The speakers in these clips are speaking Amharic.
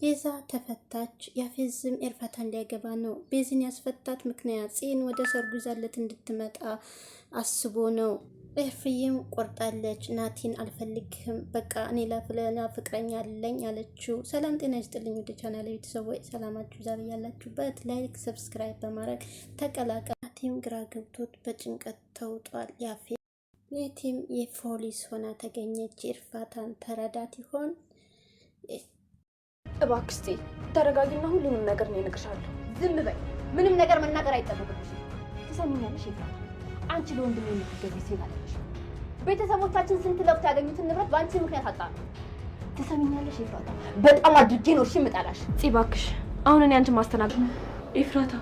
ቤዛ ተፈታች። ያፌዝም ኤርፋታን ሊያገባ ነው። ቤዝን ያስፈታት ምክንያት ጽን ወደ ሰርጉ ይዛለት እንድትመጣ አስቦ ነው። ኤርፍዬም ቆርጣለች። ናቲን አልፈልግህም፣ በቃ እኔ ላፍለና ፍቅረኛ አለኝ አለችው። ሰላም ጤና ይስጥልኝ ወደ ቻናል ቤተሰቦች ሰላማችሁ ዛሬ ያላችሁበት፣ ላይክ ሰብስክራይብ በማድረግ ተቀላቀል። ናቲም ግራ ገብቶት በጭንቀት ተውጧል። ያፌ የቲም የፖሊስ ሆና ተገኘች። ኤርፋታን ተረዳት ይሆን? እባክስቴ ተረጋጊና ሁሉንም ነገር ነው እነግርሻለሁ። ዝም በይ። ምንም ነገር መናገር አይጠበቅብሽ። ትሰሚኛለሽ? ይፋት አንቺ ለወንድሜ የምትገቢ ሴት አለች። ቤተሰቦቻችን ስንት ለፍተው ያገኙትን ንብረት በአንቺ ምክንያት አጣ ነው። ትሰሚኛለሽ? ይፋት በጣም አድርጌ ነው እሺ የምጠላሽ። እባክሽ አሁን እኔ አንቺ ማስተናገድ ኤፍራታ፣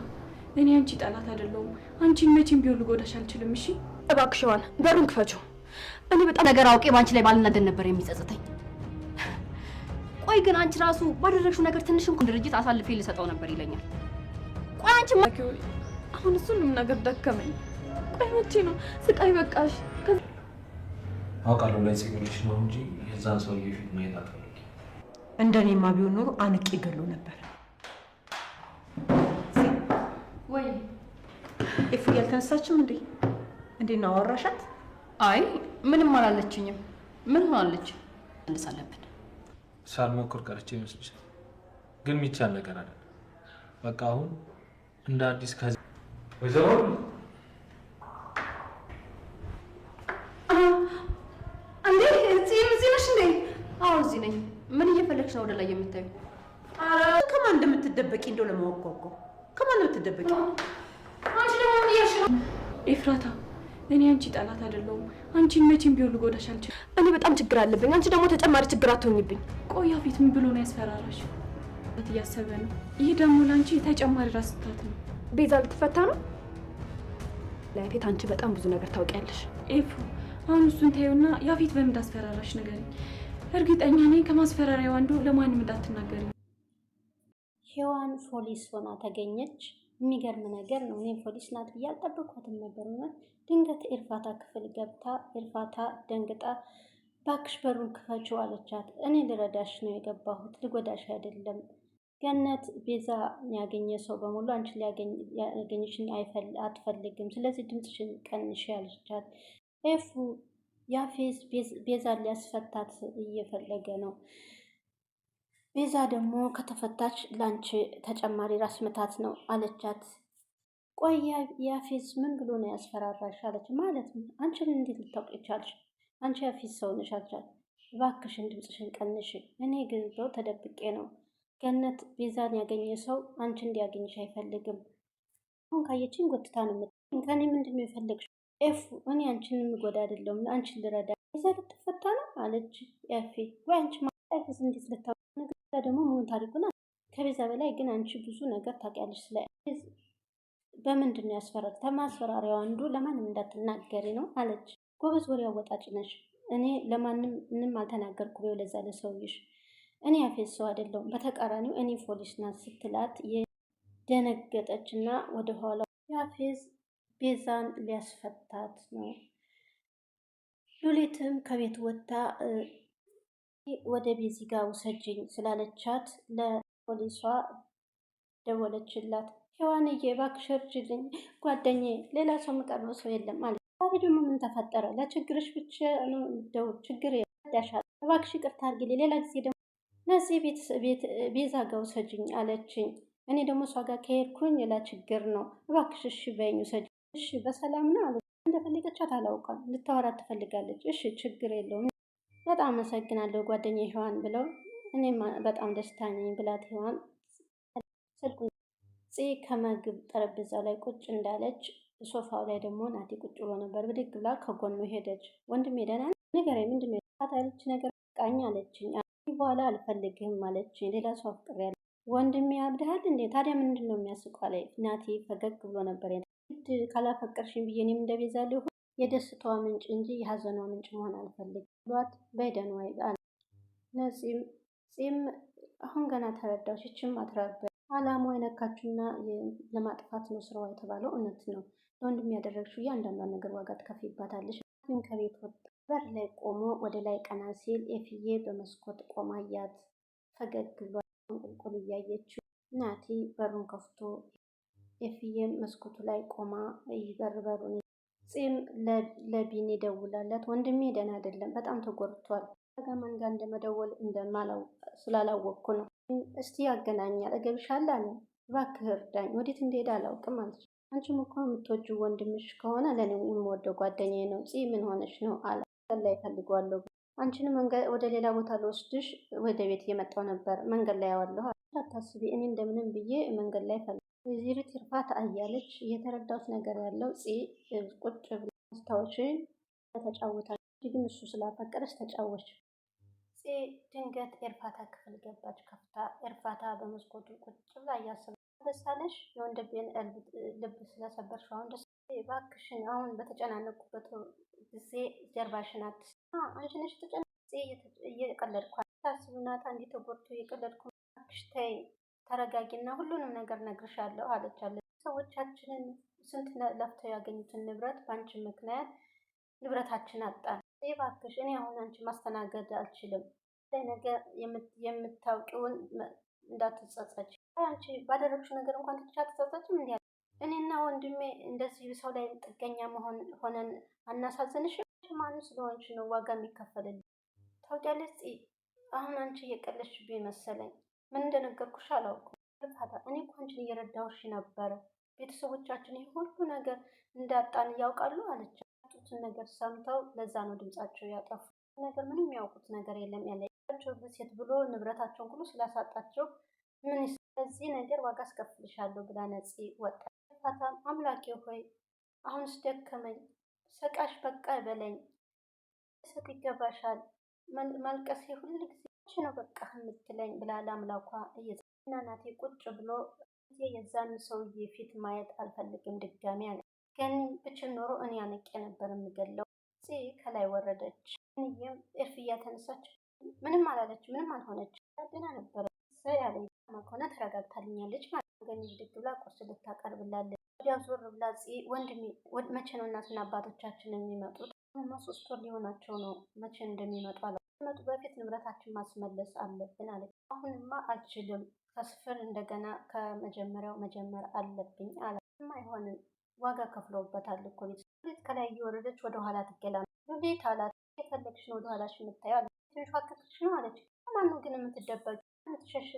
እኔ አንቺ ጠላት አይደለሁም። አንቺ መቼም ቢሆን ልጎዳሽ አልችልም። እሺ እባክሽ፣ ዋን በሩን ክፈችው። እኔ በጣም ነገር አውቄ በአንቺ ላይ ባልናደድ ነበር የሚጸጽተኝ ቆይ ግን አንቺ ራሱ ባደረግሽው ነገር ትንሽ እንኳን ድርጅት አሳልፌ ልሰጠው ነበር ይለኛል። ቆይ አንቺ አሁን እሱንም ነገር ደከመኝ። ቆይ መቼ ነው ስቃይ በቃሽ? አውቃለሁ ላይ ሲገልሽ ነው እንጂ የዛን ሰውዬ ፊት ማየት አልፈልግም። እንደኔማ ቢሆን ኖሮ አንቄ ገሎ ነበር። ወይ እፍ ያልተነሳችም እንዴ? እንዴ ነው አወራሻት? አይ ምንም አላለችኝም። ምን ሆናለች? እንሳለብን ሳልሞክር ቀርቼ ይመስልሻል? ግን የሚቻል ነገር አለ። በቃ አሁን እንደ አዲስ ከዚ ወይዘሮ እዚህ ነሽ እንዴ? አዎ እዚህ ነኝ። ምን እየፈለግሽ ነው ወደ ላይ የምታዩ? ከማን እንደምትደበቂ እንደው ለማወቅ ከማን እንደምትደበቂ አንቺ ደግሞ ምን እያልሽ ነው ኤፍራታ? እኔ አንቺ ጠላት አይደለሁም። አንቺን መቼም ቢሆን ልጎዳሽ አልችልም። እኔ በጣም ችግር አለብኝ፣ አንቺ ደግሞ ተጨማሪ ችግር አትሆኝብኝ። ቆያ ያፌት ምን ብሎ ነው ያስፈራራሽ? እያሰበ ነው። ይህ ደግሞ ለአንቺ ተጨማሪ ራስ ምታት ነው። ቤዛ ልትፈታ ነው። ለያፌት አንቺ በጣም ብዙ ነገር ታውቂያለሽ። ኤፉ አሁን እሱን ታዩና ያፌት በምን እንዳስፈራራሽ ንገሪኝ። እርግጠኛ ነኝ ከማስፈራሪያው አንዱ ለማንም እንዳትናገሪ። ሔዋን ፖሊስ ሆና ተገኘች። የሚገርም ነገር ነው። እኔም ፖሊስ ናት ብዬ አልጠበኳትም ነበር። እውነት ድንገት ኤርፋታ ክፍል ገብታ ኤርፋታ ደንግጣ ባክሽ በሩን ክፈችው አለቻት። እኔ ልረዳሽ ነው የገባሁት ልጎዳሽ አይደለም። ገነት ቤዛ ያገኘ ሰው በሙሉ አንቺ ሊያገኝሽን አትፈልግም፣ ስለዚህ ድምፅሽን ቀንሽ አለቻት። ኤፉ ያፌዝ ቤዛ ሊያስፈታት እየፈለገ ነው ቤዛ ደግሞ ከተፈታች ላንቺ ተጨማሪ ራስ ምታት ነው አለቻት። ቆይ የአፌዝ ምን ብሎ ነው ያስፈራራሽ? አለች። ማለት ነው አንቺን እንዴት ልታውቅ ይቻልሽ? አንቺ የአፌዝ ሰው ነሽ አለቻት። እባክሽን ድምፅሽን ቀንሽ። እኔ ግን ብሎ ተደብቄ ነው ገነት ቤዛን ያገኘ ሰው አንቺ እንዲያገኝሽ አይፈልግም። አሁን ካየችኝ ጎትታ ነው የምትለኝ። ከእኔ ምንድን ነው የፈለግሽ? ኤፉ እኔ አንቺን የምጎዳ አይደለሁም፣ አንቺን ልረዳ። ቤዛ ልትፈታ ነው አለች። ያፌ ወይ አንቺ ማለት ያፌዝ እንዴት ልታ ደግሞ ሙሉ ታሪኩን ከቤዛ በላይ ግን አንቺ ብዙ ነገር ታውቂያለሽ። ስለ በምንድን ነው ያስፈራል? ከማስፈራሪያው አንዱ ለማንም እንዳትናገሪ ነው አለች። ጎበዝ ወሬ አወጣጭ ነሽ። እኔ ለማንም ምንም አልተናገርኩ ብዬ ለዛ ለሰውዬሽ እኔ ያፌት ሰው አይደለሁም፣ በተቃራኒው እኔ ፖሊስ ናት ስትላት የደነገጠች እና ወደኋላ ያፌዝ ቤዛን ሊያስፈታት ነው። ሉሊትም ከቤት ወጥታ ወደ ቤዚ ጋር ውሰጅኝ ስላለቻት ለፖሊሷ ደወለችላት። ሔዋንዬ እባክሽ እርጅልኝ ጓደኛዬ፣ ሌላ ሰው የምቀርብ ሰው የለም አለ። ዛሬ ደግሞ ምን ተፈጠረ? ለችግርሽ ብቻ ነው እንደው ችግር ያሻል። እባክሽ ይቅርታ አድርጊልኝ፣ ሌላ ጊዜ ደግሞ ነዚህ ቤዛ ጋር ውሰጅኝ አለችኝ። እኔ ደግሞ እሷ ጋር ከሄድኩኝ ሌላ ችግር ነው። እባክሽ እሺ በይኝ ውሰጅ። እሺ በሰላም ነው አለ። እንደፈለገቻት አላውቃም። ልታወራት ትፈልጋለች። እሺ ችግር የለውም በጣም አመሰግናለሁ ጓደኛ ሔዋን ብለው እኔም በጣም ደስታ ነኝ ብላት ሔዋን ስልኩን ጽ ከምግብ ጠረጴዛ ላይ ቁጭ እንዳለች ሶፋው ላይ ደግሞ ናቲ ቁጭ ብሎ ነበር። ብድግ ብላ ከጎኑ ሄደች። ወንድም ሄደና ነገር ምንድን ነው ያለች ነገር ቃኝ አለችኝ። በኋላ አልፈልግህም አለችኝ። ሌላ ሰው አፍቅሬያለሁ። ወንድሜ አብድሃል እንዴ? ታዲያ ምንድን ነው የሚያስቋ ላይ ናቲ ፈገግ ብሎ ነበር። ግድ ካላፈቀርሽኝ ብዬ እኔም እንደቤዛ ሊሆን የደስታዋ ምንጭ እንጂ የሀዘኗ ምንጭ መሆን አልፈልግም ብሏት በደን ወይ ጋር ነፂም አሁን ገና ተረዳች። ይችም አትራበ አላማዋ የነካችሁና ለማጥፋት ነው ስራዋ የተባለው እውነት ነው። ለወንድም ያደረግሽው እያንዳንዷ ነገር ዋጋ ትከፍይባታለች። ግን ከቤት ወጣ። በር ላይ ቆሞ ወደ ላይ ቀና ሲል ኤፍዬ በመስኮት ቆማ እያት ፈገግ ብሏል። ቁልቁል እያየችው ናቲ በሩን ከፍቶ ኤፍዬም መስኮቱ ላይ ቆማ ይበር በሩን ፂም ለቢኒ ደውላለት ወንድሜ ደህና አይደለም፣ በጣም ተጎድቷል። ጋ መንጋ እንደመደወል ስላላወቅኩ ነው። እስቲ ያገናኛል እገብሻለሁ አለ። እባክህ እርዳኝ፣ ወዴት እንደሄደ አላውቅም አለች። አንቺም እኮ የምትወጂው ወንድምሽ ከሆነ ለእኔ የምወደው ጓደኛዬ ነው። ፂ ምን ሆነች ነው አለ። ላይ እፈልገዋለሁ። አንቺን ወደ ሌላ ቦታ ልወስድሽ ወደ ቤት እየመጣው ነበር። መንገድ ላይ ያዋለሁ። አታስቢ፣ እኔ እንደምንም ብዬ መንገድ ላይ ፈል ወይዘሪት እርፋታ አያለች የተረዳሁት ነገር ያለው ፂ ቁጭ ብላ ስታዎች ተጫወታለች፣ ግን እሱ ስላፈቀደች ተጫወች። ፂ ድንገት ኤርፋታ ክፍል ገባች። ከፍታ ኤርፋታ በመስኮቱ ቁጭ ብላ እያሰበ ደሳለሽ የወንድቤን ልብ ስለሰበርሽ አሁን ደስ እባክሽን፣ አሁን በተጨናነቁበት ጊዜ ጀርባሽን አትስ አንቺ ነሽ ተጨና እየቀለድኳ ታስቡናታ እንዲህ ተጎድቶ እየቀለድኩ እባክሽ ተይ ተረጋጊና ሁሉንም ነገር ነግርሻለሁ አለቻለች። ሰዎቻችንን ስንት ለፍተው ያገኙትን ንብረት በአንቺ ምክንያት ንብረታችን አጣን። እባክሽ እኔ አሁን አንቺ ማስተናገድ አልችልም። ነገር የምታውቂውን እንዳትጸጸች። አንቺ ባደረግሽው ነገር እንኳን ትቻ ትጸጸችም እንዲ እኔና ወንድሜ እንደዚህ ሰው ላይ ጥገኛ መሆን ሆነን አናሳዝንሽም? ማን ስለሆንች ነው ዋጋ የሚከፈልልኝ? ታውቂያለሽ፣ አሁን አንቺ እየቀለድሽብኝ መሰለኝ። ምን እንደነገርኩሽ አላውቅም። እኔ እኮ አንቺን እየረዳሁሽ ነበረ። ቤተሰቦቻችን ይህ ሁሉ ነገር እንዳጣን እያውቃሉ አለች። ያጡትን ነገር ሰምተው ለዛ ነው ድምጻቸው ያጠፉ። ነገር ምንም ያውቁት ነገር የለም ያለ ሴት ብሎ ንብረታቸውን ሁሉ ስላሳጣቸው ምን ስለዚህ ነገር ዋጋ አስከፍልሻለሁ ብላ ነፂ ወጣ። ኤፍራታም አምላኬ ሆይ አሁን ስደከመኝ ሰቃሽ በቃ በለኝ ሰጥ ይገባሻል። ማልቀሴ ጊዜ አንቺ ነው በቃ የምትለኝ ብላ ለአምላኳ እየዘና ናቴ ቁጭ ብሎ የዛን ሰውዬ ፊት ማየት አልፈልግም ድጋሚ አለ። ግን ብችን ኖሮ እኔ አነቄ ነበር የምገለው። ጽ ከላይ ወረደች። እኔም እርፍያ ተነሳች። ምንም አላለች፣ ምንም አልሆነች። ደህና ነበረ ያለ ማከሆነ ተረጋግታልኛለች ማለት ነው። ገኒ ብድግ ብላ ቁርስ ልታቀርብላለች። ወዲያ ዞር ብላ ጽ ወንድሜ፣ መቼ ነው እናትና አባቶቻችን የሚመጡት? ሶስት ወር ሊሆናቸው ነው መቼ እንደሚመጡ አለ። ከመጡ በፊት ንብረታችን ማስመለስ አለብን አለች። አሁንማ አልችልም፣ ከስፍር እንደገና ከመጀመሪያው መጀመር አለብኝ አለ። የማይሆንን ዋጋ ከፍለውበታል እኮ ቤት ቤት ከላይ እየወረደች ወደኋላ ትገላ ቤት አላት። የፈለግሽ ነው ወደኋላሽ የምታየው አለ። ትንሿ ነው አለች። ከማኑ ግን የምትደበቅ ምትሸሽ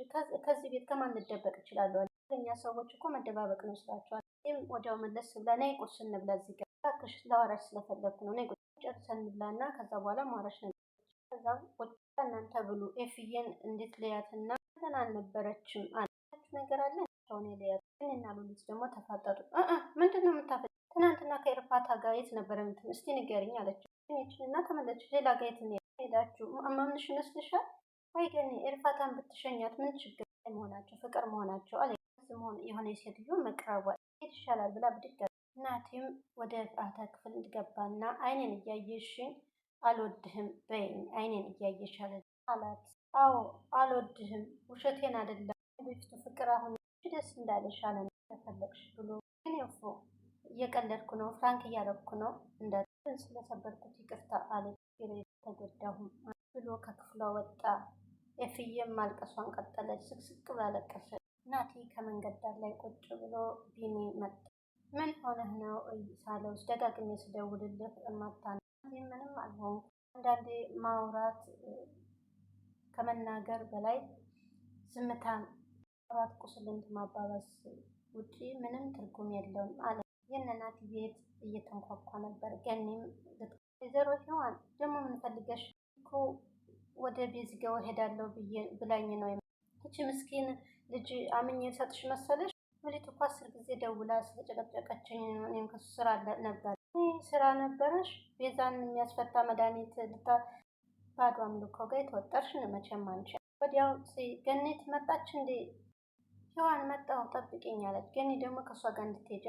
ከዚህ ቤት ከማን ልደበቅ እችላለሁ? ለእኛ ሰዎች እኮ መደባበቅ ነው ስራቸዋል። ይህም ወዲያው መለስ ብላ ነይ ቁርስ እንብላ፣ እዚህ ጋር እባክሽ ላወራሽ ስለፈለግኩ ነው ነይ ቁርስ ጨርሰን እንብላ እና ከዛ በኋላ ማውራሽ ነው ከዛም ወጣ እናንተ ብሎ ኤፍዬን እንዴት ለያትና ፈተና አልነበረችም አለች ነገር አለ ሰውን የለያት እኔና ሉሊት ደግሞ ተፋጠጡ። ምንድን ነው የምታፈ ትናንትና ከኤርፓታ ጋር የት ነበረ ምትል እስቲ ንገርኝ አለችው። ችን እና ተመለች ሌላ ጋር የት ሄዳችሁ ማምንሽ ይመስልሻል? ወይ ግን ኤርፋታን ብትሸኛት ምን ችግር መሆናቸው ፍቅር መሆናቸው አለ የሆነ የሴትዮ መቅረቧ ሄድ ይሻላል ብላ ብድጋ እናቴም ወደ አታ ክፍል እንድገባና አይኔን እያየሽኝ አልወድህም በይኝ አይኔን እያየሽ አላት። አዎ አልወድህም፣ ውሸቴን አይደለም በፊቱ ፍቅር አሁን ደስ እንዳለሽ አለ ተፈለግሽ ብሎ ግን ፎ እየቀለድኩ ነው ፍራንክ እያረግኩ ነው እንዳን ስለሰበርኩት ይቅርታ አለች። ተጎዳሁም ብሎ ከክፍሏ ወጣ። ኤፍዬም ማልቀሷን ቀጠለች። ስቅስቅ ብላ ለቀሰች። ናቲ ከመንገድ ዳር ላይ ቁጭ ብሎ ቢኒ መጣ። ምን ሆነህ ነው ሳለው ደጋግሜ ስደውልልህ እማታ ምንም አልሆንኩም። አንዳንዴ ማውራት ከመናገር በላይ ዝምታ ማውራት ቁስልን ከማባባስ ውጪ ምንም ትርጉም የለውም አለ። የእናት ቤት እየተንኳኳ ነበር። ገኒም ወይዘሮ ሔዋን ደግሞ ምን ፈልገሽ እኮ ወደ ቤዝገው እሄዳለሁ ብላኝ ነው። ይቺ ምስኪን ልጅ አምኜ ሰጥሽ መሰለሽ? ምሊት እኮ አስር ጊዜ ደውላ ስለጨቀጨቀችኝ እኔም ከሱ ስራ ነበር ስራ ነበረሽ? ቤዛን የሚያስፈታ መድኃኒት ልታ ባዶ አምልኮ ጋር የተወጠርሽ መቼም አንቺ። ወዲያው ገነት መጣች እንዴ? ሔዋን መጣው ጠብቅኝ አለች። ገኒ ደግሞ ከእሷ ጋር እንድትሄጂ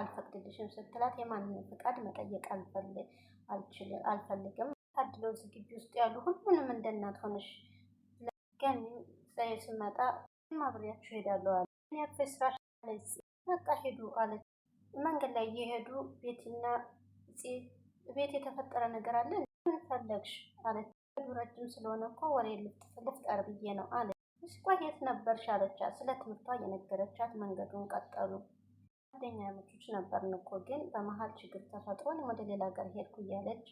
አልፈቅድልሽም ስትላት የማንንም ፍቃድ መጠየቅ አልፈልግም ታድለው ግቢ ውስጥ ያሉ ሁሉንም እንደናት ሆነሽ ገኒ ስመጣ ማብሪያችሁ ሄዳለሁ አለ። ያፌ ስራሽ በቃ ሄዱ አለች። መንገድ ላይ እየሄዱ ቤትና ቤት የተፈጠረ ነገር አለ ምን ፈለግሽ? አለች። ረጅም ስለሆነ እኮ ወሬ ልፍጠር ብዬ ነው አለ። ስቆየት የት ነበርሽ? አለቻት። ስለ ትምህርቷ የነገረቻት መንገዱን ቀጠሉ። ጓደኛ ያመቾች ነበርን እኮ ግን በመሀል ችግር ተፈጥሮ ወደ ሌላ ሀገር ሄድኩ እያለች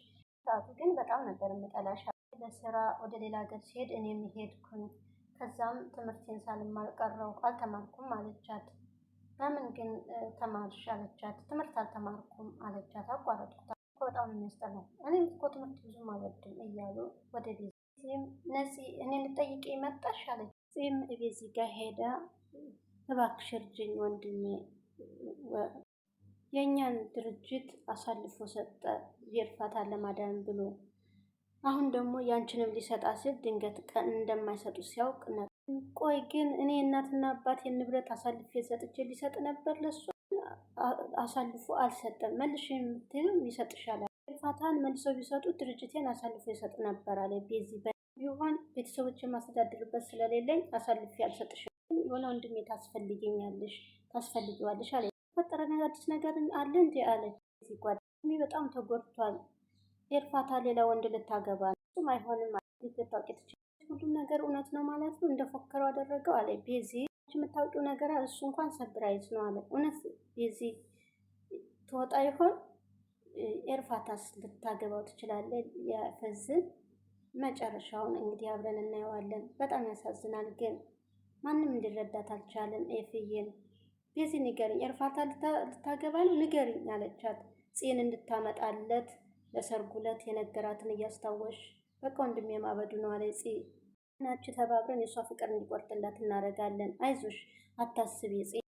ሰዓቱ ግን በጣም ነበር የምጠላሻ። ለስራ ወደ ሌላ ሀገር ሲሄድ እኔም ሄድኩኝ። ከዛም ትምህርቴን ሳልማልቀረው አልተማርኩም አለቻት። በምን ግን ተማርሽ አለቻት። ትምህርት አልተማርኩም አለቻት። አቋረጥኩት በጣም የሚያስጠላ እኔም እኮ ትምህርት ብዙም አልወድም እያሉ ወደ ቤት ዚህም ነፂ እኔ ልጠይቅ መጣሽ አለች። ዚህም እቤዚ ጋር ሄዳ እባክሽ እርጅኝ ወንድሜ የእኛን ድርጅት አሳልፎ ሰጠ የእርፋታን ለማዳን ብሎ አሁን ደግሞ ያንችንም ሊሰጣ ሲል ድንገት ቀን እንደማይሰጡ ሲያውቅ ነ ቆይ ግን እኔ እናትና አባቴን ንብረት አሳልፌ ሰጥቼ ሊሰጥ ነበር ለሱ አሳልፎ አልሰጠም። መልሽ የምትልም ይሰጥሻል። ፋታን መልሶ ቢሰጡ ድርጅቴን አሳልፎ ይሰጥ ነበር አለ ቤዚ። ቢሆን ቤተሰቦች የማስተዳድርበት ስለሌለኝ አሳልፌ አልሰጥሽም። የሆነ ወንድሜ ታስፈልገኛለሽ ታስፈልጊዋለሽ አለ። ፈጠረ አዲስ ነገር አለ እንዲ አለ ጓደኛ በጣም ተጎድቷል። ኤርፋታ ሌላ ወንድ ልታገባ ነው። እሱም አይሆንም ልታውቂ ትችል ሁሉም ነገር እውነት ነው ማለት ነው፣ እንደፎከረው አደረገው አለ ቤዚ። የምታውቂው ነገር እሱ እንኳን ሰብራይዝ ነው አለ። እውነት ቤዚ ትወጣ ይሆን? ኤርፋታስ ልታገባው ትችላለህ? የፈዝን መጨረሻውን እንግዲህ አብረን እናየዋለን። በጣም ያሳዝናል፣ ግን ማንም እንዲረዳት አልቻለም። ኤፍዬን ቤዚ ንገርኝ፣ ኤርፋታ ልታገባ ነው ንገርኝ አለቻት። ጽን እንድታመጣለት ለሰርጉ ዕለት የነገራትን እያስታወሽ በቃ ወንድሜ ማበዱ ነው አለ ጽ ናችሁ ተባብረን የእሷ ፍቅር እንዲቆርጥላት እናደርጋለን። አይዞሽ አታስብ ጽ